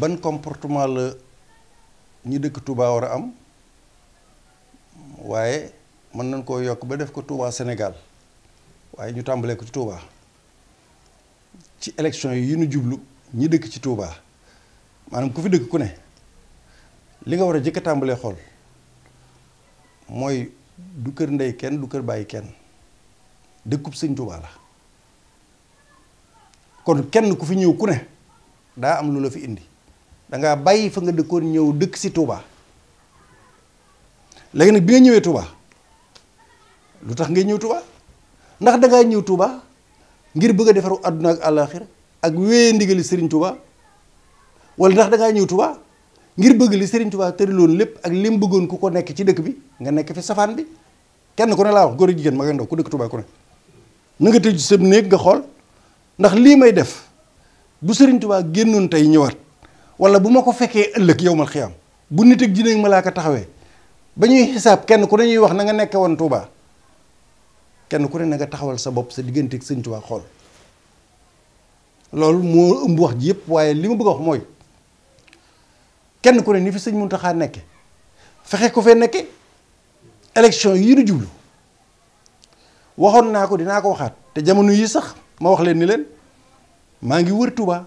ban comportement la ñu dëkk Touba war a am waaye mën nañ koo yokk ba def ko Touba Sénégal waaye ñu tàmbalee ko ci Touba ci élection yi ñu jublu ñi dëkk ci Touba maanaam ku fi dëkk ku ne li nga war a jëkk a tàmbalee xool mooy du kër ndey kenn du kër bàyyi kenn dëkkub sëñ Touba la kon kenn ku fi ñëw ku ne daa am lu la fi indi da nga bàyyi fa nga dëkkoon ñëw dëkk si Touba léegi nag bi nga ñëwee Touba lu tax ngay ñëw Touba ndax da ñëw Touba ngir bëgg defaru àdduna ak àllaaxira ak wéyee ndigali sëriñ Touba wala ndax da ngaa ñëw Touba ngir bëgg li Serigne Touba tëriloon lépp ak lim bëggoon ku ko nekk ci dëkk bi nga nekk fi safaan bi kenn ku ne laa wax góor jigéen ma nga ndaw ku dëkk Touba ku ne na nga tëj néeg nga xool ndax lii may def bu sëriñ Touba génnoon tey ñëwaat. wala bu ma ko fekkee ëllëg yow mal xiyaam bu nit ak jinne ko taxawee ba ñuy xisaab kenn ku ne ñuy wax na nga nekke woon Touba kenn ku ne na nga taxawal sa bopp sa diggante ak sëñ Touba xool loolu moo ëmb wax ji yëpp waaye li ma bëgg a wax mooy kenn ku ne ni fi sëñ Mountakha nekke fexe ko fee nekke élection yii nu jublu waxoon naa ko dinaa ko waxaat te jamono yi sax ma wax leen ni leen maa ngi wër Touba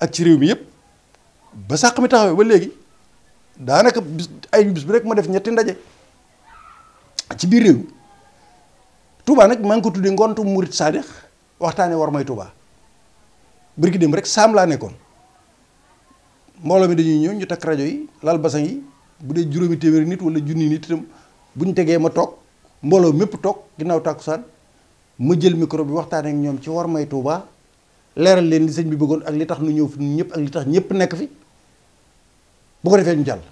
ak ci réew mi yëpp ba sàq mi taxawee ba léegi daanaka bis ay bis bu rek ma def ñetti ndaje ci biir réew mi Touba nag maa ngi ko tuddee ngontu murit saadix waxtaanee war may Touba bërki dem rek saam laa nekkoon mbooloo mi dañuy ñëw ñu takk rajo yi lal basan yi bu dee juróomi téeméeri nit wala junni nit itam bu ñu tegee ma toog mbooloo mépp toog ginnaaw tàkkusaan ma jël micro bi waxtaanee ak ñoom ci war may Touba leeral leen li sëñ bi bëggoon ak li tax nu ñëw fi ñëpp ak li tax ñëpp nekk fi. bu ko defee nu jàll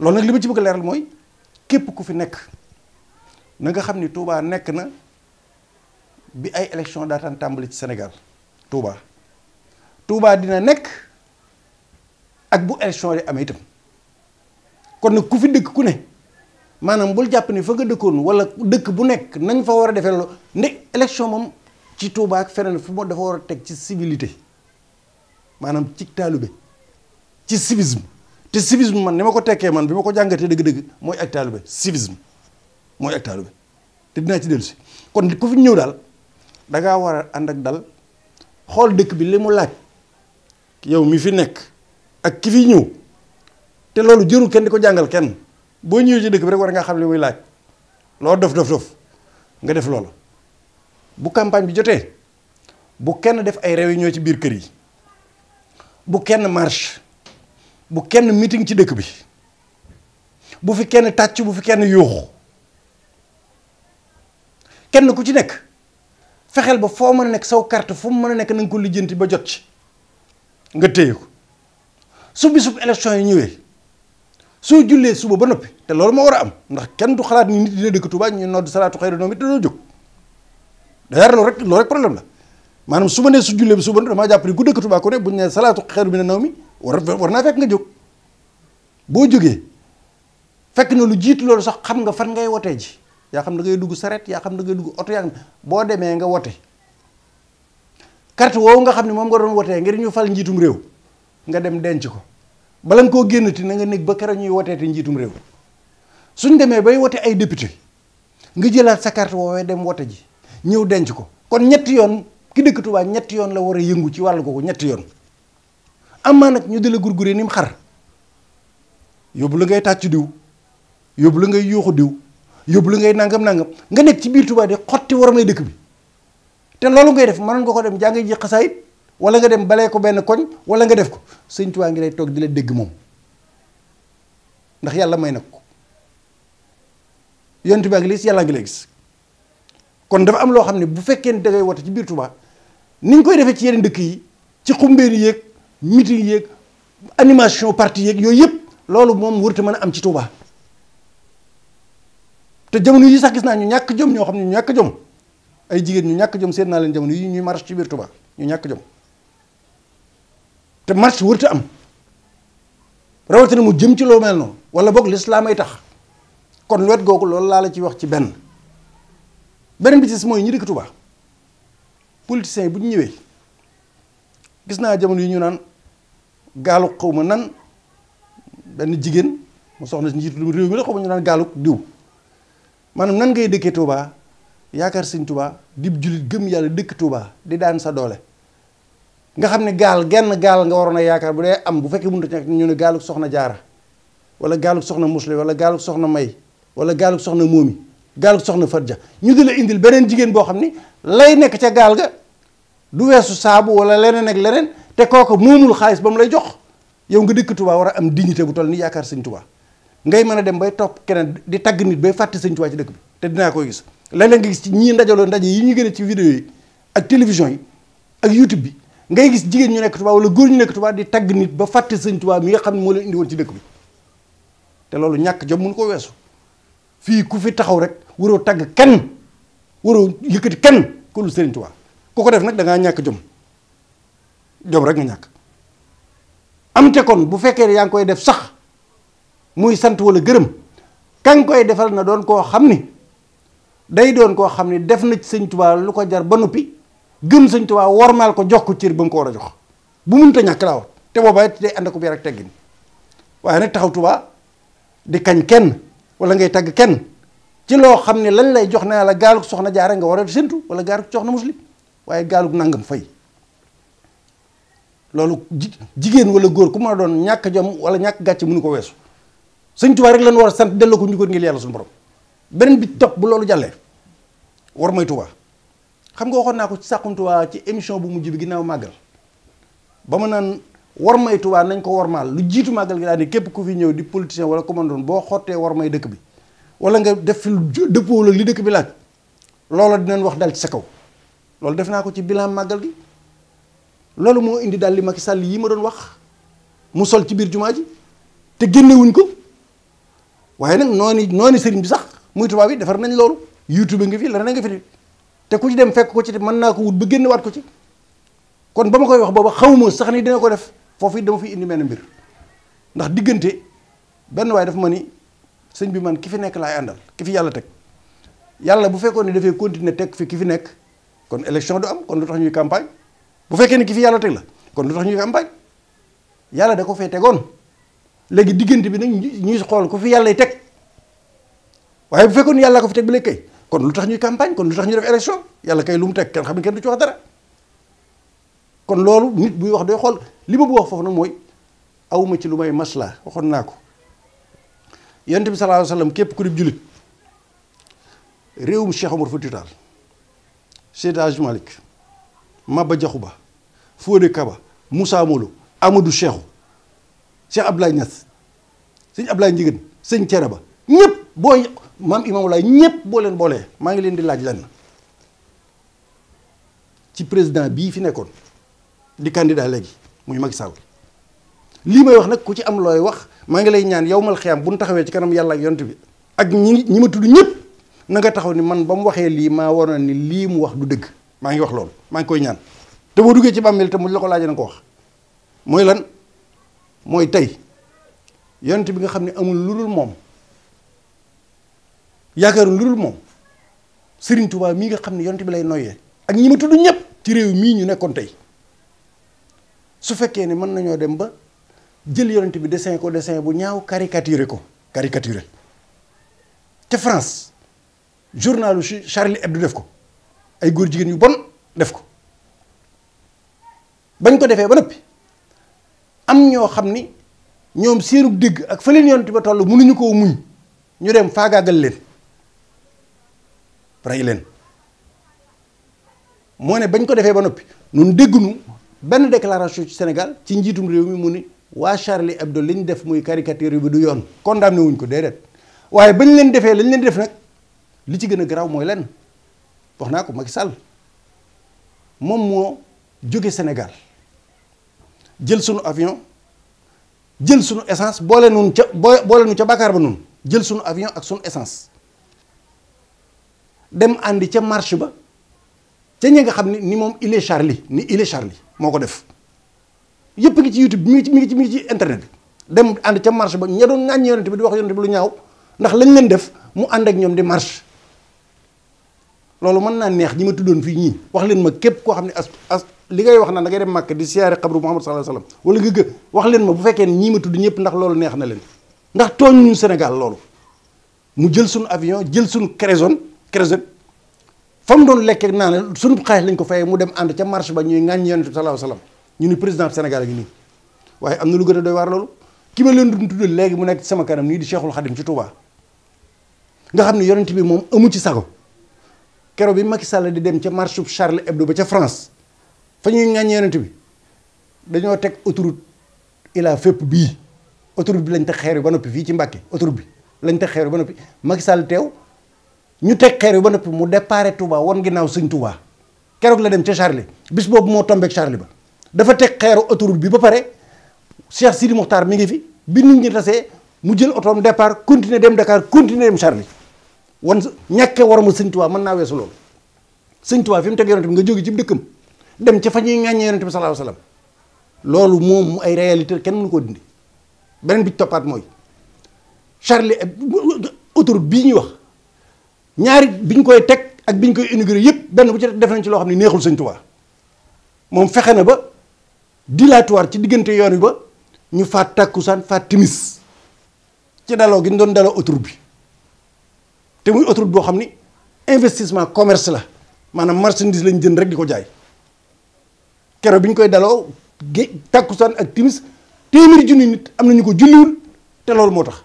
loolu nag li ma ci bëgg a leeral mooy képp ku fi nekk na nga xam ni tuubaa nekk na bi ay élection daataan tàmbali ci Sénégal tuubaa tuubaa dina nekk ak bu élection yi amee itam kon nag ku fi dëkk ku ne maanaam bul jàpp ni fa nga dëkkoon wala dëkk bu nekk nañ fa war a defee loolu ne élection moom ci Touba ak feneen fu mu dafa war a teg ci civilité maanaam ci taalube ci civisme te civisme man ni ma ko tekkee man bi ma ko jàngatee dëgg-dëgg mooy ak taalibe civisme mooy ak bi te dinaa ci dellu si kon ku fi ñëw daal da ngaa war a ànd ak dal xool dëkk bi li mu laaj yow mi fi nekk ak ki fi ñëw te loolu jërul kenn di ko jàngal kenn boo ñëwee ci dëkk bi rek war ngaa xam li muy laaj loolu dof dof dof nga def loolu bu campagne bi jotee bu kenn def ay réunion ci biir kër yi bu kenn marche bu kenn meeting ci dëkk bi bu fi kenn tàcc bu fi kenn yuuxu kenn ku ci nekk fexeel ba foo mën a nekk saw carte fu mën a nekk na nga ko lijjanti ba jot ci nga téye ko su bisub élection yi ñëwee soo jullee suba ba noppi te loolu moo war a am ndax kenn du xalaat ni nit dina dëkk Tuubaa ñu nodd salaatu xayri noom it dañoo jóg d'ailleurs loolu rek loolu rek problème la bi suba bi ne naw mi war war naa fekk nga jóg boo jógee fekk na lu jiit loolu sax xam nga fan ngay wotee ji yaa xam da ngay dugg saret yaa xam da ngay dugg oto yaa xam boo demee nga wote carte woowu nga xam ne moom nga doon wotee ngir ñu fal njiitum réew nga dem denc ko bala nga koo génnati na nga néeg ba keroog ñuy wotee te njiitum réew suñ demee bay wote ay député nga jëlaat sa carte woowee dem wote ji ñëw denc ko kon ñetti yoon ki dëkk Tuubaa ñetti yoon la war a yëngu ci wàllu googu ñetti yoon amaa nag ñu di la gure ni mu xar yóbbu lu ngay tàcc diw yóbbu lu ngay yuuxu diw yóbbu lu ngay nangam nangam nga nekk ci biir Touba de xotti may dëkk bi te loolu ngay def mënoon nga ko dem jàngi ji xasaayit wala nga dem balee ko benn koñ wala nga def ko sëñ Touba toog di la dégg moom ndax yàlla may na ko yonent baa ngi lay gis yàlla ngi lay gis kon dafa am loo xam ne bu fekkee ne dangay wote ci biir Touba ni ñu koy defee ci yeneen dëkk yi ci xumbeen yéeg meeting yéeg animation parti yeeg yooyu yëpp loolu moom wërta mën a am ci Touba te jamono yi sax gis naa ñu ñàkk jom ñoo xam ne ñu ñàkk jom ay jigéen ñu ñàkk jom seen naa leen jamono yi ñuy marche ci biir Touba ñu ñàkk jom te marche wërta am rawatina mu jëm ci loo mel noonu wala boog lislaam ay tax kon wet googu loolu laa la ci wax ci benn beneen bi ci mooy ñi dëkk Touba politiciens yi bu ñu ñëwee gis naa jamono yi ñu naan gaalu xaw ma nan benn jigéen mu soxna si njiitu lu réew mi la xaw ma ñu naan gaalu diw maanaam nan ngay dëkkee Touba yaakaar sëñ Touba dib jullit gëm yàlla dëkk Touba di daan sa doole nga xam ne gaal genn gaal nga waroon a yaakaar bu dee am bu fekkee mënut a ñu ne gaalu soxna jaara wala gaalu soxna musle wala gaalu soxna may wala gaalu soxna moomi gaalu soxna Fadja ñu di la indil beneen jigéen boo xam ni lay nekk ca gaal ga du weesu saabu wala leneen ak leneen te kooku moomul xaalis ba mu lay jox yow nga dëkk Touba war a am dignité bu toll ni yaakaar sëñ Touba ngay mën a dem bay topp keneen di tagg nit bay fàtte sëñ Touba ci dëkk te dinaa koy gis léeg-léeg nga gis ci ñii ndajaloo ndaje yi ñu gën ci vidéo yi ak yi ak YouTube bi ngay gis jigéen ñu nekk Touba wala góor ñu nekk Touba di tagg nit ba fàtte sëñ Touba mi nga xam ne moo leen indi woon ci dëkk bi te loolu ñàkk jom mun ko weesu fii ku fi taxaw rek waroo tagg kenn waroo yëkkati kenn ku lu sëriñ Touba ku ko def nag dangaa ñàkk jom jom rek nga ñàkk am te kon bu fekkee ne yaa ngi koy def sax muy sant wala gërëm ka nga koy defal na doon koo xam ni day doon koo xam ni def na ci sëñ lu ko jar ba noppi gëm sëñ Tuubaa wormaal ko jox ko cër ba mu ko war a jox bu mënta ñàkk laa wax te boobaa it day ànd ko biir ak teggin waaye nag taxaw Tuubaa di kañ kenn wala ngay tagg kenn ci loo xam ne lañ lay jox ne la gaalug soxna jaare nga war a séntu wala gaalug soxna muslim waaye gaalug nangam fay loolu jigéen wala góor ku ma doon ñàkk jom wala ñàkk gàcce mënu ko weesu sëñ Tuubaa rek lañ war a sant delloo ko njukkal ngir yàlla suñu borom beneen bi topp bu loolu jàllee war may Tuubaa xam nga waxoon naa ko ci Saxum ci émission bu mujj bi ginnaaw màggal ba ma naan war may Tuubaa nañ ko war warmaal lu jiitu màggal gi daal ni képp ku fi ñëw di politicien wala commandant boo xottee war may dëkk bi wala nga def fi dëppoo ak li dëkk bi laaj loola dinañ wax dal ci sa kaw loolu def naa ko ci bilan màggal gi loolu moo indi daal li Macky Sall yii ma doon wax mu sol ci biir jumaa ji te génnewuñ ko waaye nag noonu noonu sëriñ bi sax muy tubaab yi defar nañ loolu youtube nga fi la nga fi te ku ci dem fekk ko ci te mën naa ko wut ba génne waat ko ci kon ba koy wax booba xawma sax ni dina ko def foofu it dama fi indi mel mbir ndax diggante benn waaye dafa ma ni sëñ bi man ki fi nekk laay àndal ki fi yàlla teg yàlla bu fekkoon ne dafay continuer teg fi ki fi nekk kon élection du am kon lu tax ñuy campagne bu fekkee ne ki fi yàlla teg la kon lu tax ñuy campagne yàlla da ko fee tegoon léegi diggante bi nag ñuy xool ko fi yàlla teg waaye bu fekkoon yàlla ko fi teg ba léegi kay kon lu tax ñuy campagne kon lu tax ñu def élection yàlla kay lu mu teg kenn xam ne kenn du ci wax dara kon loolu nit buy wax day xool li ma bu wax foofu nag mooy awma ci lu may maslaa waxoon naa ko yonent bi sallallahu alayhi wa képp ku dib jullit réewum Cheikh Omar Fouti Tall Seydi Hadji Maba Diakhou Ba Fodé Kaba Moussa Molo Amadou Cheikhou Cheikh Abdoulaye Niass sëñ Abdoulaye Ndiéguène sëñ cere ba ñépp boo maam Imam Laye ñëpp boo leen boolee maa ngi leen di laaj lenn ci président bii fi nekkoon di candidat léegi muy Macky Sall lii may wax nag ku ci am looy wax maa ngi lay ñaan yow mal xiyam bu nu taxawee ci kanam yàlla ak yont bi ak ñi ñi ma tudd ñëpp na taxaw ni man ba mu waxee lii maa waroon ni lii mu wax du dëgg maa ngi wax loolu maa ngi koy ñaan te boo duggee ci bàmmeel te mu la ko laajee na ko wax mooy lan mooy tey yonent bi nga xam ni amul lu dul moom yaakaaru lu moom Serigne Touba mii nga xam ne yonent bi lay noyee ak ñi ma tudd ñëpp ci réew mii ñu nekkoon tey su fekkee ne mën nañoo dem ba jël yonent bi dessin ko dessin bu ñaaw caricaturé ko caricaturé ca France journalu Charlie Hebdo def ko. ay góor jigéen yu bon def ko bañ ko defee ba noppi am ñoo xam ni ñoom seenu dégg ak fa leen yonent ba toll ñu koo muñ ñu dem faagaagal leen rey leen moo ne bañ ko defee ba noppi nun déggunu benn déclaration ci senegal ci njiitum réew mi mu ni waa Charlie Hebdo li ñu def muy caricature bi du yoon condamné wuñ ko déedéet waaye bañ leen defee lañ leen def nag li ci gën a garaaw mooy lenn wax naa ko Macky Sall moom moo jóge Sénégal jël sunu avion jël sunu essence boole nun ca boole nu ca Bakar ba noonu jël sunu avion ak sunu essence dem àndi ca marché ba ca ñi nga xam ni ni moom il est Charlie ni il est Charlie moo ko def yëpp ngi ci YouTube mi ngi ci mi ci mi ci internet bi dem ànd ca marché ba ña doon ŋàññi yonent bi di wax yonent bi lu ñaaw ndax lañ leen def mu ànd ak ñoom di marche loolu mën naa neex ñi ma tuddoon fii ñii wax leen ma képp koo xam ne as as li ngay wax naan da dem màkk di siyaare xabru Muhammad sallallahu alayhi wasallam wala nga gë wax leen ma bu fekkee ne ñëpp ndax loolu neex na leen ndax tooñ ñu Sénégal loolu mu jël suñu avion jël suñu crésone crésone fa mu doon lekkee naa ne suñu xaalis lañ ko fayee mu dem ànd ca marché ba ñuy ŋàññ yonent bi sallallahu alayhi wasallam ñu ni président Sénégal gi nii waaye am na lu gën a doy waar loolu ki ma leen doon tuddal léegi mu nekk sama kanam nii di Cheikhul Khadim ci Touba nga xam ne yonent bi moom amu ci sago kero bi Macky Sall di dem ca marche Charlie Hebdo ba ca France fa ñuy ŋàññi bi dañoo teg autoroute Ila fépp bii autoroute bi lañ teg xeer ba noppi fii ci Mbàkke autoroute bi lañ teg xeer ba noppi Macky Sall ñu teg xeer ba noppi mu déparé Touba won ginnaaw sëñ Touba keroog la dem ca Charlie bis boobu moo tombé ak ba dafa teg xeeru autoroute bi ba pare Cheikh Sidi Mokhtar mi ngi fi bi nit ñi tasee mu jël otoom départ continuer dem Dakar continuer dem Charlie wan ñàkkee war ma sëñ Tuubaa mën naa weesu loolu sëñ Tuubaa fi mu teg yonent bi nga jóge ci dëkkam dem ca fa ñuy ŋàññee yonent bi sallallahu alayhi wasallam loolu moom ay réalité kenn mënu koo dindi beneen bi toppaat mooy Charlie autoroute bii ñuy wax ñaari biñ koy teg ak biñ koy inauguré yëpp benn bu ci def nañ ci loo xam ne neexul sëñ Tuubaa moom fexe na ba di dilatoire ci diggante yoon wi ba ñu faat tàkkusaan faat timis ci daloo gi ñu doon daloo autoroute bi te muy autoroute boo xam ni investissement commerce la maanaam marchandise lañ jën rek di ko jaay kero bi ñu koy daloo gé tàkkusaan ak timis téeméeri junni nit am na ñu ko julliwul te loolu moo tax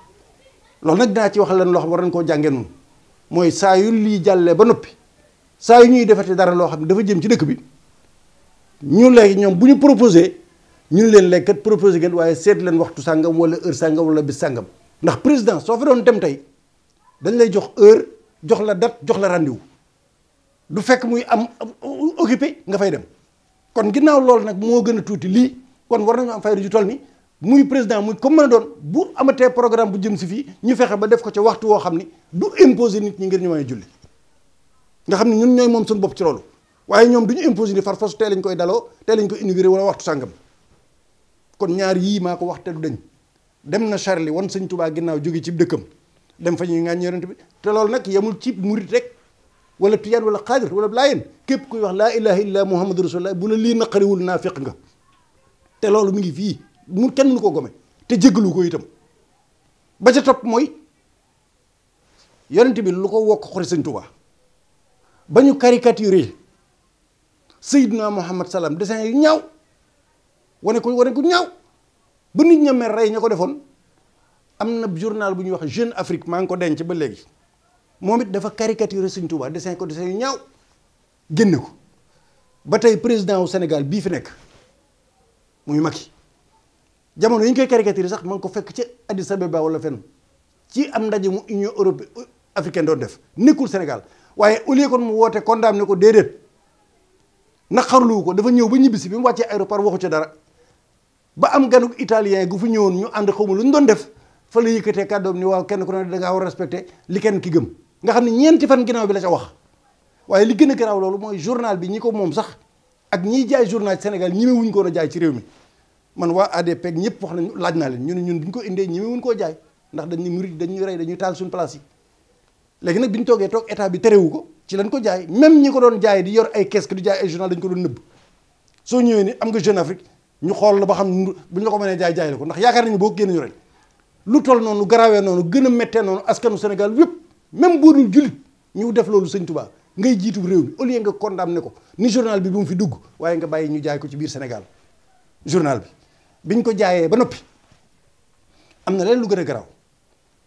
loolu nag dinaa ci wax leen loo xam war nañ koo jàngee noonu mooy saa yu lii jàllee ba noppi saa yu ñuy defati dara loo xam ne dafa jëm ci dëkk bi ñu léegi ñoom bu ñu proposé ñu leen léegi kat proposé ngeen waaye seet leen waxtu sàngam wala heure sàngam wala bis sàngam ndax président soo fi dem tey. dañ lay jox heure jox la date jox la rendez-vous du fekk muy am occupé nga fay dem kon ginnaaw loolu nag moo gën a tuuti lii kon war nañu am fayda ju toll ni muy président muy comme mën a doon bu amatee programme bu jëm si fii ñu fexe ba def ko ca waxtu woo xam ni du imposer nit ñi ngir ñu may julli nga xam ne ñun ñooy moom suñu bopp ci loolu waaye ñoom du ñu imposer ni far fas tee lañ koy daloo tee lañ koy inauguré wala waxtu sàngam kon ñaar yii maa ko wax dañ dem na Charlie wan sëñ Tuubaa ginnaaw jóge ci dëkkam dem fa ñuy ŋaañ yonent bi te loolu nag yemul ci murit rek wala tijaan wala xaadir wala laayeen képp kuy wax laa ilaha illa muhammadu rasulullah bu la lii naqariwul naafiq nga te loolu mi ngi fii mu kenn mënu ko gome te jéggalu ko itam ba ca topp mooy yonent bi lu ko wokk xori sëñ Tuubaa ba ñu caricaturé Seydina Muhammad salaam dessin yi ñaaw wane ko wane ku ñaaw ba nit ña mer rey ña ko defoon am na journal bu ñuy wax Jeune Afrique maa ngi ko denc ba léegi moom it dafa caricature Sëñ Tuubaa dessin ko dessin yu ñaaw génne ko ba tey président wu Sénégal bii fi nekk muy Macky jamono yi ñu koy yi sax ma ngi ko fekk ci Addis Abeba wala fenn ci am ndaje mu Union Europe africaine doon def nekkul Sénégal waaye au lieu kon mu woote condamné ko déedéet naqarlu ko dafa ñëw ba ñibbisi bi mu wàccee aéroport waxu ca dara ba am ganu italien gu fi ñëwoon ñu ànd xaw ma lu ñu doon def fa la yëkkatee kàddoom ni waaw kenn ku ne da ngaa war respecté li kenn ki gëm nga xam ne ñeenti fan ginnaaw bi la ca wax waaye li gën a garaaw loolu mooy journal bi ñi ko moom sax ak ñiy jaay journal Sénégal ñime wuñ ko a jaay ci réew mi man waa ADP ñëpp wax nañu laaj naa leen ñu ne ñun bu ko indee ñime wuñ koo jaay ndax dañu murid dañuy rey dañuy taal suñu place léegi nag bi ñu toogee toog état bi terewu ko ci lañ ko jaay même ñi ko doon jaay di yor ay casque di jaay ay journal dañu ko doon nëbb soo ñëwee ni am nga Jeune Afrique ñu xool la ba xam buñ ñu ko mënee jaay jaay la ko ndax yaakaar nañu boo génn ñu rek lu tol noonu garawee noonu gën a méttee noonu askanu Sénégal yëpp même boo dul jullit ñu def loolu sëñ Touba ngay jiitu réew mi au lieu nga condamné ko ni journal bi bu mu fi dugg waaye nga bàyyi ñu jaay ko ci biir Sénégal journal bi biñ ko jaayee ba noppi am na leen lu gën a garaaw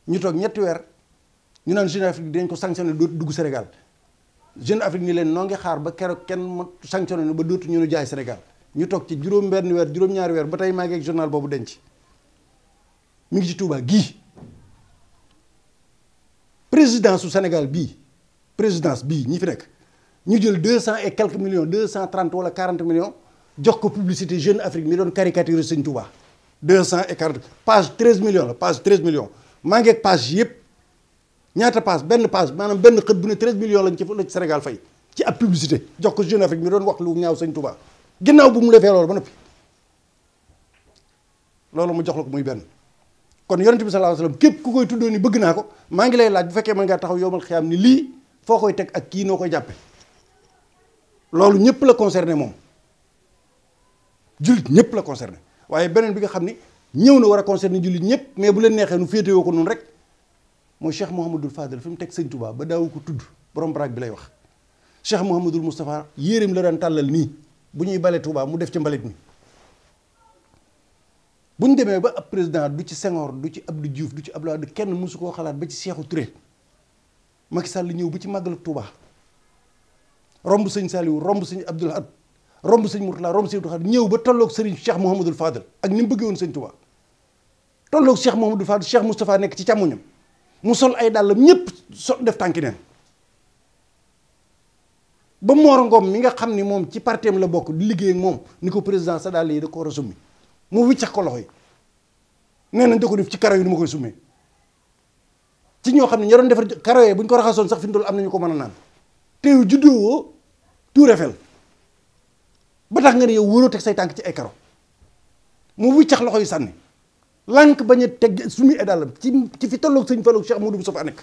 ñu toog ñetti weer ñu naan Jeune Afrique dañ ko sanctionné dootu dugg Sénégal Jeune Afrique ni leen noo ngi xaar ba keroog kenn mu sanctionné ba dootu ñu nu jaay Sénégal ñu toog ci juróom benn weer juróom-ñaari ba tey maa ngi ak journal boobu mi ngi ci Touba gii présidence su Sénégal bii présidence bii ñi fi nekk ñu jël deux cent et quelques millions deux cent trente wala quarante millions jox ko publicité Jeune Afrique mi doon caricature Sëñ Touba. deux cent et quarante page treize millions la page treize millions maa yëpp ñaata page benn page maanaam benn xët bu ne treize millions lañ ci la ci Sénégal fay ci ab publicité jox ko Jeune Afrique mi doon wax lu ñaaw Sëñ Touba ginnaaw bu mu defee loolu ba noppi loolu mu jox la ko muy benn. kon yonent bi sallallahu alayhi wasallam képp ku koy tuddoo ni bëgg naa ko maa ngi lay laaj bu fekkee mën ngaa taxaw yowmal xiyaam ni lii foo koy teg ak kii noo koy jàppe loolu ñëpp la concerné moom jullit ñëpp la concerné waaye beneen bi nga xam ni ñëw na war a concerné jullit ñëpp mais bu leen neexee nu féetewoo ko noonu rek mooy Cheikh Mouhamadul Fadel fi mu teg sëñ Touba ba daawu ko tudd borom baraag bi lay wax Cheikh Mouhamadul Moustapha yéerim la daan tàllal nii bu ñuy bale Touba mu def ci mbalit mi bu ñu demee ba ab président du ci Senghor du ci ab Abdou Diouf du ci Abdoulaye du kenn mosu koo xalaat ba ci Cheikhou Touré Macky Sall ñëw ba ci màgg màggalu Touba romb sëñ Saliou romb sëñ Abdoul Ahad romb sëñ Mourtala romb sëñ Abdoul Ahad ñëw ba tolloog Serigne Cheikh Mouhamadul Fadel ak ni mu bëggee woon sëñ Touba tolloog Cheikh Mouhamadul Fadel Cheikh Moustapha nekk ci càmmoñam mu sol ay dàllam ñëpp so def tànki neen ba Mor Ngom mi nga xam ni moom ci parteem la bokk di liggéey ak moom ni ko président sa dàll yi da ko war a mu wiccax ko loxo yi nee nañ da ko def ci karaw yi ni ma koy sumee ci ñoo xam ne ñoo doon defar karaw yi bu ñu ko raxasoon sax fi mu toll am ko mën a naan te yow juddoo woo Tour Eiffel ba tax nga ne yow wóoroo teg say tànk ci ay karaw mu wiccax loxo yi sànni lànk bañ a teg sumi edaalam ci ci fi tolloog sëñ Fallou Cheikh Modou Moustapha nekk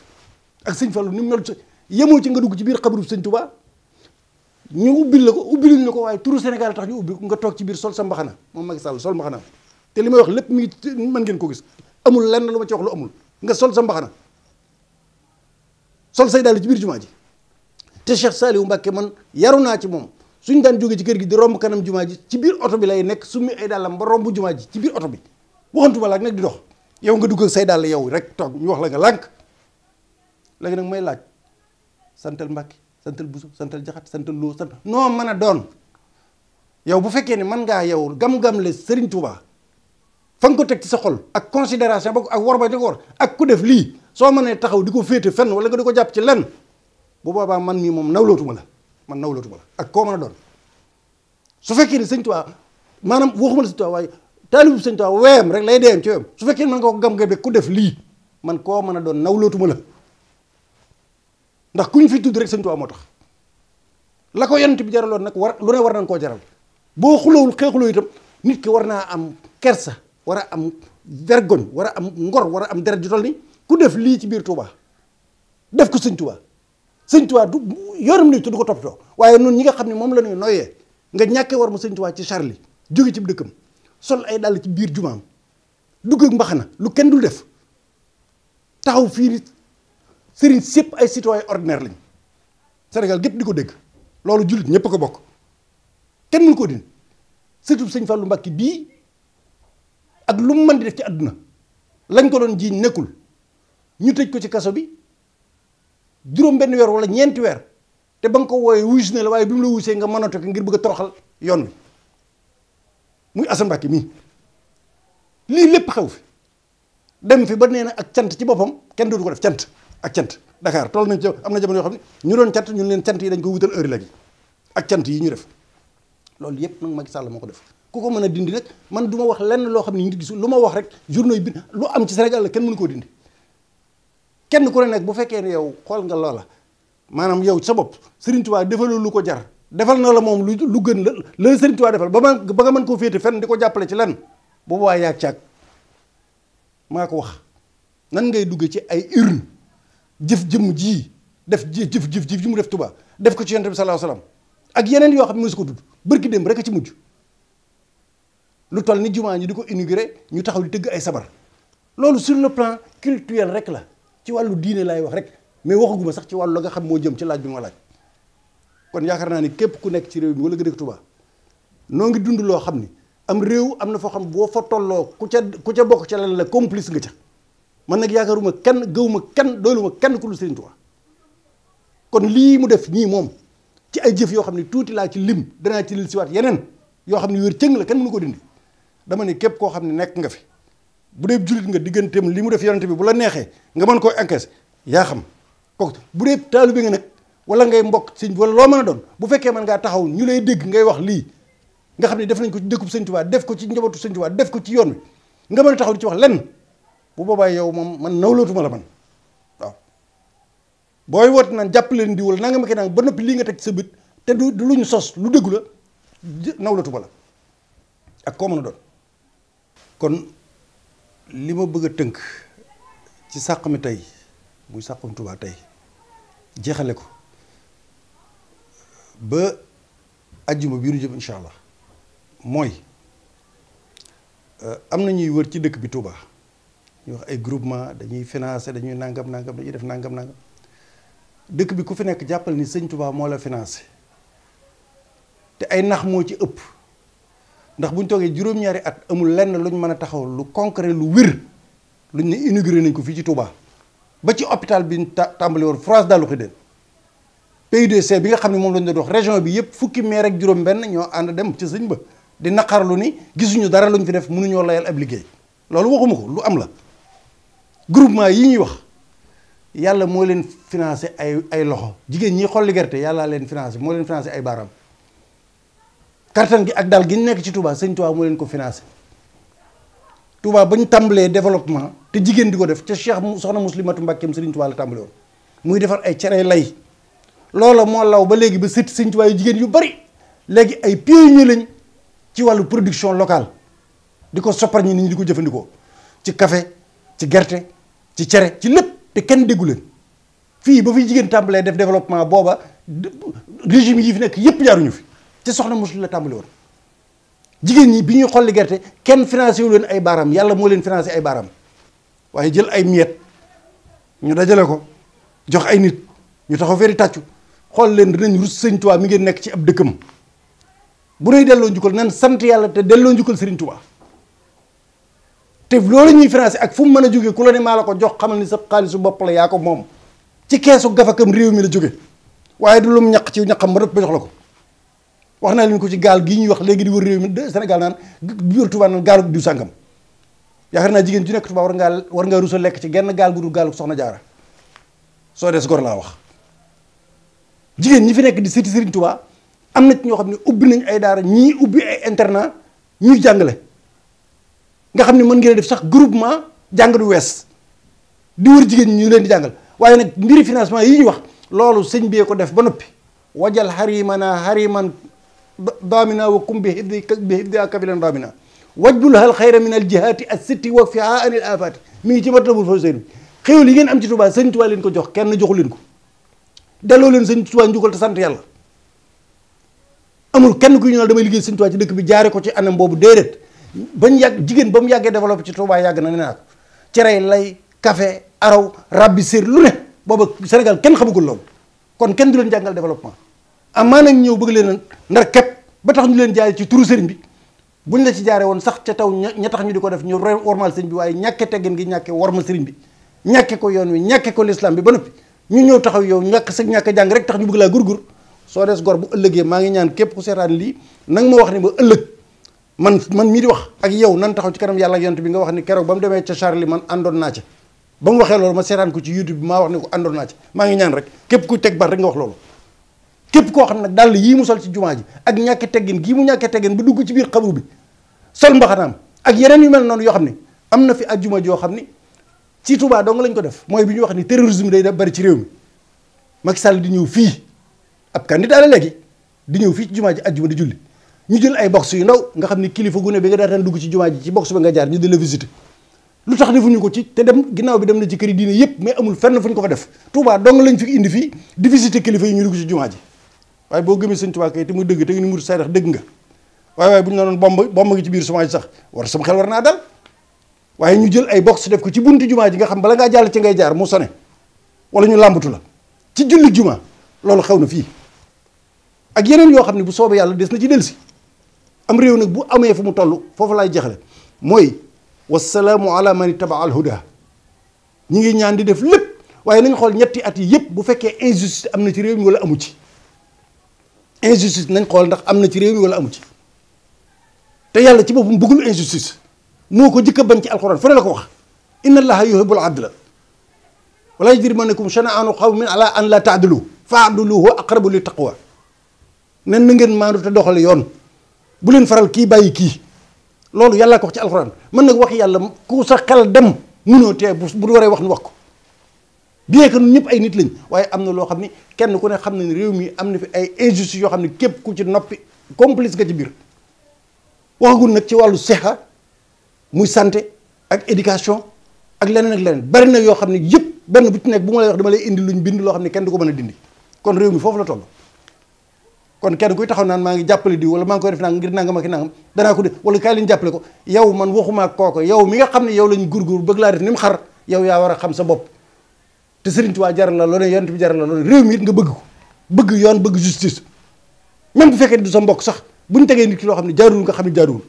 ak sëñ Fallou ni mu mel yemoo ci nga dugg ci biir xabarub sëñ Touba ñu ubbil la ko ubbil ñu ko waaye turu Sénégal tax ñu ubbi nga toog ci biir sol sa mbaxana moom Macky Sall sol mbaxana te li may wax lépp mi ngi mën ngeen ko gis amul lenn lu ma ci wax lu amul nga sol sa mbaxana sol say dàll ci biir jumaa ji te Cheikh wu mbakke man yaru naa ci moom suñ daan jógee ci kër gi di romb kanam jumaa ji ci biir oto bi lay nekk summi ay dàllam ba romb jumaa ji ci biir oto bi waxantuma la ak nag di dox yow nga dugg ak dàll yow rek toog ñu wax la nga lànk nag may laaj santal Mbacké santal buso santal jaxat santal loo sant noo mën a doon yow bu fekkee ne mën ngaa yow gam-gam le Serigne Touba fa ko teg ci sa xol ak consideration ba ak wor ba di ko war ak ku def lii soo mënee taxaw di ko féete fenn wala nga di ko jàpp ci lenn bu boobaa man mii moom nawlootuma la man nawlootuma la ak koo mën a doon su fekkee ne Serigne Touba maanaam waxuma la Serigne Touba waaye taalibu Serigne Touba weem rek lay deem ci weem su fekkee ne mën nga ku def lii man koo mën a doon nawlootuma la ndax ku ñu fi tudd rek sëñ moo tax la ko yonent bi jaraloon nag war lu ne war nañ koo jaral boo xulawul xeexuloo itam nit ki war naa am kersa war a am vergogne war a am ngor war a am deret ju toll ni ku def lii ci biir Tuubaa def ko sëñ Tuubaa sëñ Tuubaa du yoram ni te du ko toppatoo waaye noonu ñi nga xam ne moom la ñuy noyee nga ñàkkee war ma sëñ Tuubaa ci Charlie jóge ci dëkkam sol ay dàll ci biir jumaam dugg ak mbaxana lu kenn dul def taxaw fii sëriñ sépp ay citoyen ordinaire lañ Sénégal gépp di ko dégg loolu jullit ñëpp ko bokk kenn mënu ko din surtout sëñ Fallou Mbacké bii ak lu mu mën di def ci àdduna lañ ko doon jiiñ nekkul ñu tëj ko ci kaso bi juróom benn weer wala ñeenti weer te ba nga ko wooyee wuyus ne la waaye bi mu la wuyusee nga mënatoo ko ngir bëgg a toroxal yoon mi muy Assane Mbacké mii lii lépp xew fi dem fi ba nee na ak cant ci boppam kenn dootu ko def cant ak cant Dakar toll nañ am na jamono yoo xam ne ñu doon cant ñun leen cant yi dañ ko wutal heure la ak cant yi ñu def loolu yëpp nag Macky Sall moo ko def ku ko mën a dindi nag man du ma wax lenn loo xam ne ñu gisul lu ma wax rek journaux yi bi lu am ci Sénégal la kenn mënu koo dindi kenn ku ne nag bu fekkee ne yow xool nga loola maanaam yow sa bopp Serigne Touba defalul lu ko jar defal na la moom lu lu gën la la Serigne Touba defal ba ma ba nga mën koo féete fenn di ko jàppale ci lenn boobu waa yaag caag ko wax nan ngay dugge ci ay urne jëf jëmm ji def jëf jëf ji mu def tubaa def ko ci yonent bi salaahu salaam ak yeneen yoo xam ne mësu ko tudd bërki dem rek a ci mujj lu toll ni jumaa ñi di ko inauguré ñu taxaw di tëgg ay sabar loolu sur le plan culturel rek la ci wàllu diine laay wax rek mais waxaguma sax ci wàllu la nga xam moo jëm ci laaj bi ma laaj kon yaakaar naa ni képp ku nekk ci réew mi wala nga dëkk Touba noo ngi dund loo xam ni am réew am na foo xam boo fa tolloo ku ca bokk ca la complice nga ca man nag yaakaaruma kenn gëwuma kenn doyluma kenn ku dul Serigne Touba kon lii mu def ñii moom ci ay jëf yoo xam ne tuuti laa ci lim danaa ci lil siwaat yeneen yoo xam ne wér cëng la kenn mënu ko dindi dama ne képp koo xam ne nekk nga fi bu dee jullit nga digganteem li mu def yonante bi bu la neexee nga man koo encaisse yaa xam kooku bu dee taalibe nga nag wala ngay mbokk sëñ wala loo mën a doon bu fekkee mën ngaa taxaw ñu lay dégg ngay wax lii nga xam ne def nañ ko ci dëkkub def ko ci njabootu Sëñ def ko ci yoon wi nga mën ci wax lenn bu boobaa yow moom man nawlootuma la man waaw booy woote naan jàpp leen di wala nanga ma naan ba noppi lii nga teg sa bit te du du lu ñu sos lu déggu la nawlootuma la ak koo mën a doon kon li ma bëgg a tënk ci sàq mi tey muy sàqum Tuubaa tey jeexale ko ba ajjuma bii nu jëm allah mooy euh, am na ñuy wër ci dëkk bi Tuubaa ñuy wax ay groupement dañuy financé dañuy nàngam nangam dañuy def nangam nangam dëkk bi ku fi nekk jàppal ni sëñ Touba moo la financé te ay nax moo ci ëpp ndax bu ñu toogee juróom-ñaari at amul lenn lu luñ mën a taxaw lu concret lu wér luñ ne inauguré nañ ko fii ci Touba ba ci hôpital bi ñu tàmbali woon France dalu xi PUDC bi nga xam ne moom lañ dox région bi yëpp fukki maire rek juróom-benn ñoo ànd dem ci sëñ ba di naqarlu ni gisuñu dara luñ fi def mënuñoo layal ab liggéey loolu waxuma lu am la. groupement yi ñuy wax yàlla moo leen financé ay ay loxo jigéen ñi xolli gerte yàlla leen financé moo leen financé ay baaraam kattan gi ak daal gi nekk ci Touba sëñ Touba moo leen ko financé Touba ba ñu tàmbalee développement te jigéen di ko def ca Cheikh soxna Muslimatu Mbàkkeem Sëriñ Touba la tàmbale woon muy defar ay cere lay loola moo law ba léegi ba sëti sëñ Touba yu jigéen yu bari léegi ay pionniers lañ ci wàllu production locale di ko soppar ni di ko jëfandikoo ci café ci gerte ci cere ci lépp te kenn déggu fii ba fi jigéen tàmbalee def développement booba régime yi fi nekk yépp jaaruñu fi ci soxna mosul la tàmbali woon jigéen ñi bi ñuy xolli gerte kenn financé wu leen ay baaraam yàlla moo leen financé ay baaraam waaye jël ay miettes ñu dajale ko jox ay nit ñu taxaw feri tàccu xool leen dinañ rus sëñ Tuubaa mi ngeen nekk ci ab dëkkam bu nuy delloo njukkal nan sant yàlla te delloo njukkal sëriñ Tuubaa te loolu ñuy financé ak fu mu mën a jóge ku la ne maa la ko jox xamal ni sa xaalisu bopp la yaa ko moom ci keesu gafakam réew mi la jóge waaye du lum ñaq ci ñaqam ba noppi ba jox la ko wax naa leen ko ci gaal gii ñuy wax léegi di wër réew mi de Sénégal naan biir Touba naan gaalug diw naa jigéen ci nekk Touba war ngaa war ngaa rusa lekk ci genn gaal gu dul gaalug soxna jaara soo des gor laa wax jigéen ñi fi nekk di siti Serigne Touba am na ci ñoo xam ne ubbi nañ ay daara ñii ubbi ay internat ñuy jàngale nga xam ne mën ngeen def sax groupement jàng du wees di wër jigéen ñi ñu leen di jàngal waaye nag mbiri financement yi ñuy wax loolu sëñ bee ko def ba noppi wajal xarimana xariman daamina wa kum bi hibdi bi hibdi a kabilan daamina wajbul hal xayra min al jihaati as sitti wa fi haa anil afaati mi ngi ci matlabul fa sëñ xéwal yi ngeen am ci Tuubaa sëñ Tuubaa leen ko jox kenn joxu leen ko delloo leen sëñ Tuubaa njukkal te sant yàlla amul kenn ku ñu naan damay liggéey sëñ Tuubaa ci dëkk bi jaare ko ci anam boobu déedéet bañ yàgg jigéen ba mu yàggee développé ci Touba yàgg na nee naa ko cere lay kafe araw rabiseer lu ne booba Sénégal kenn xamagul loolu kon kenn du leen jàngal am amaa nag ñëw bëgg leen ndar képp ba tax ñu leen jaay ci turu sëriñ bi bu buñ la ci jaaree woon sax ca taw ña tax ñu di ko def ñu wormal sëriñ bi waaye ñàkke teggin gi ñàkke wormal sëriñ bi ñàkke ko yoon wi ñàkke ko l'islam bi ba noppi ñu ñëw taxaw yow ñàkk sa ñàkk jàng rek tax ñu bëgg laa gurgur soo des gor bu ëllëgee maa ngi ñaan képp ku seetaan lii nanga ma wax ne ma ëllëg man man mii di wax ak yow nan taxaw ci kanam yàlla ak bi nga wax ni keroog ba mu demee ca Charlie man àndoon naa ca ba mu waxee loolu ma seetaan ko ci YouTube bi maa wax ne ko àndoon naa ca ñaan rek képp ku teg bat rek nga wax koo xam ne dàll yii mu sol ci jumaa ji ak ñàkk teggin gii mu ñàkk teggin ba dugg ci biir xabru bi sol mbaxanaam ak yeneen yu mel noonu yoo xam ne am na fi ajjuma joo xam ni ci Touba dong lañ ko def mooy bi ñu wax ni terrorisme day def bari ci réew mi Macky Sall di ñëw fii ab candidat la léegi di ñëw fii ci jumaa ji ajjuma di julli ñu jël ay box yu ndaw nga xam ni kilifa gune ne bi nga daataan dugg ci jumaa ji ci box ba nga jaar ñu di la visiter lu tax defuñu ko ci te dem ginnaaw bi dem na ci këri diine yëpp mais amul fenn fu ñu ko fa def Touba dong lañ fi indi fii di visiter kilifa yi ñu dugg ci jumaa ji boo gëmee sëñ Touba kay te muy dëgg te nga ni mu nga waaye waaye bu ñu la doon bomb biir jumaa ji sax war sama xel war naa ñu jël ay box def ko ci bunti jumaa ji nga xam bala ngaa jàll ci ngay jaar mu sone wala ñu làmbatu la ci julli jumaa loolu xew na fii ak yeneen yoo xam ne bu soobee yàlla des na ci delsi am réew nag bu amee fu mu toll foofu laay jeexale mooy wasalaamu ala man itabaa al huda ñi ngi ñaan di def lépp waaye nañ xool ñetti at yi yëpp bu fekkee injustice am na ci réew mi wala amu ci injustice nañ xool ndax am na ci réew mi amu ci te yàlla ci boppam bëggul injustice moo ko jëkk a bañ ci alxuraan fu ne la ko wax inna allaha yuhibbul adla wala yajrimannakum xaw qawmin ala an la taadilu faadilu huwa aqrabu li taqwa nen na ngeen maandu doxal yoon bu leen faral kii bàyyi kii loolu yàllaa ko wax ci alxuraan mën nag wax yàlla ku sa xel dem munoo tee bu bu waree wax nu wax ko bien que ñun ñëpp ay nit lañ waaye am na loo xam ni kenn ku ne xam ne réew mi am na fi ay injustice yoo xam ne képp ku ci noppi complice nga ci biir waxagul nag ci wàllu sexa muy santé ak éducation ak leneen ak leneen bari na yoo xam ne yëpp benn bu ci nekk bu ma lay wax dama lay indi luñ bind loo xam ne kenn du ko mën a dindi kon réew mi foofu la toll. kon kenn kuy taxaw naan maa ngi jàppale diw wala maa ngi koy def nangam ngir nangam ak nangam danaa ko def wala kaay leen jàppale ko yow man waxuma ak kooko yow mi nga xam ne yow lañ gurgur bëgg laa def ni mu xar yow yaa war a xam sa bopp te Sëriñ Tuubaa jaral la loolu yonent bi jaral la loolu réew mi it nga bëgg ko bëgg yoon bëgg justice même bu fekkee du sa mbokk sax buñ tegee nit ki loo xam ne jaaduwul nga xam ne jaaduwul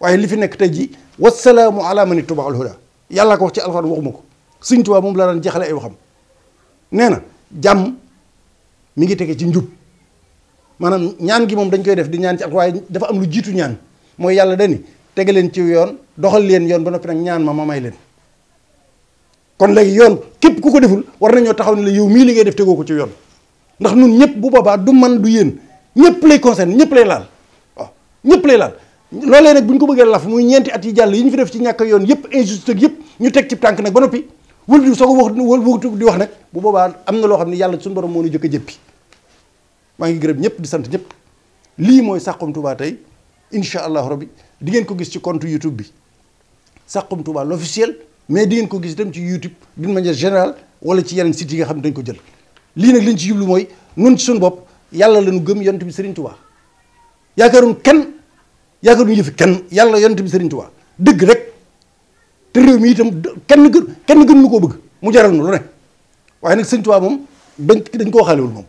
waaye li fi nekk tey ji wasalaamu ala man ittabaa al huda yàllaa ko wax ci alxuraan waxuma ko Sëriñ Tuubaa moom la daan jeexale ay waxam nee na jàmm mi ngi tege ci njub maanaam ñaan gi moom dañ koy def di ñaan ci ak waaye dafa am lu jiitu ñaan moo yàlla dani tege leen ci yoon doxal leen yoon ba noppi nag ñaan ma ma may leen kon léegi yoon képp ku ko deful war nañoo taxaw ne la yow mii li ngay def tegoo ko ci yoon ndax nun ñëpp bu boobaa du man du yéen ñëpp lay concerne ñëpp lay laal waaw ñëpp lay laal loolee nag bu ñu ko bëggee laf muy ñeenti at yi jàll yi ñu fi def ci ñàkk yoon yëpp injuste ak yëpp ñu teg ci tànk nag ba noppi wël di soo ko wax wël di wax nag bu boobaa am na loo xam ne yàlla suñu borom moo ñu jëkk a jëppi maa ngi gërëm ñëpp di sant ñëpp lii mooy Saxum tubaa tey incha allahu rabbi di ngeen ko gis ci compte YouTube bi Saxum Touba l'officiel mais di ngeen ko gis itam ci YouTube d'une manière générale wala ci yeneen sites yi nga xam ne dañ ko jël lii nag liñ ci jublu mooy nun ci suñu bopp yàlla lañu gëm yonent bi Serigne Touba yaakaaruñ kenn yaakaaruñ yëfi kenn yàlla yonent bi Serigne Touba dëgg rek te réew mi itam kenn gën kenn gën nu koo bëgg mu jaral nu lu ne waaye nag Serigne Touba moom dañ dañ ko waxaalewul moom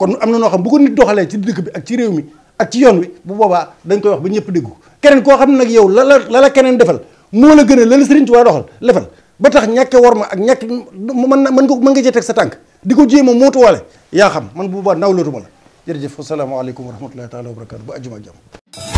kon am na noo xam bu ko nit doxalee ci dëkk bi ak ci réew mi ak ci yoon wi bu boobaa dañ koy wax ba ñëpp déggu keneen koo xam ne nag yow la la la la keneen defal moo la gën a la la sëriñ ci waa doxal defal ba tax ñàkke war ma ak ñàkk mën na mën nga mën nga cee teg sa tànk di ko ma moo mootuwaale yaa xam man bu boobaa nawlootuma la jërëjëf asalaamaaleykum wa rahmatullahi taala wa barakatu ba ajuma jàmm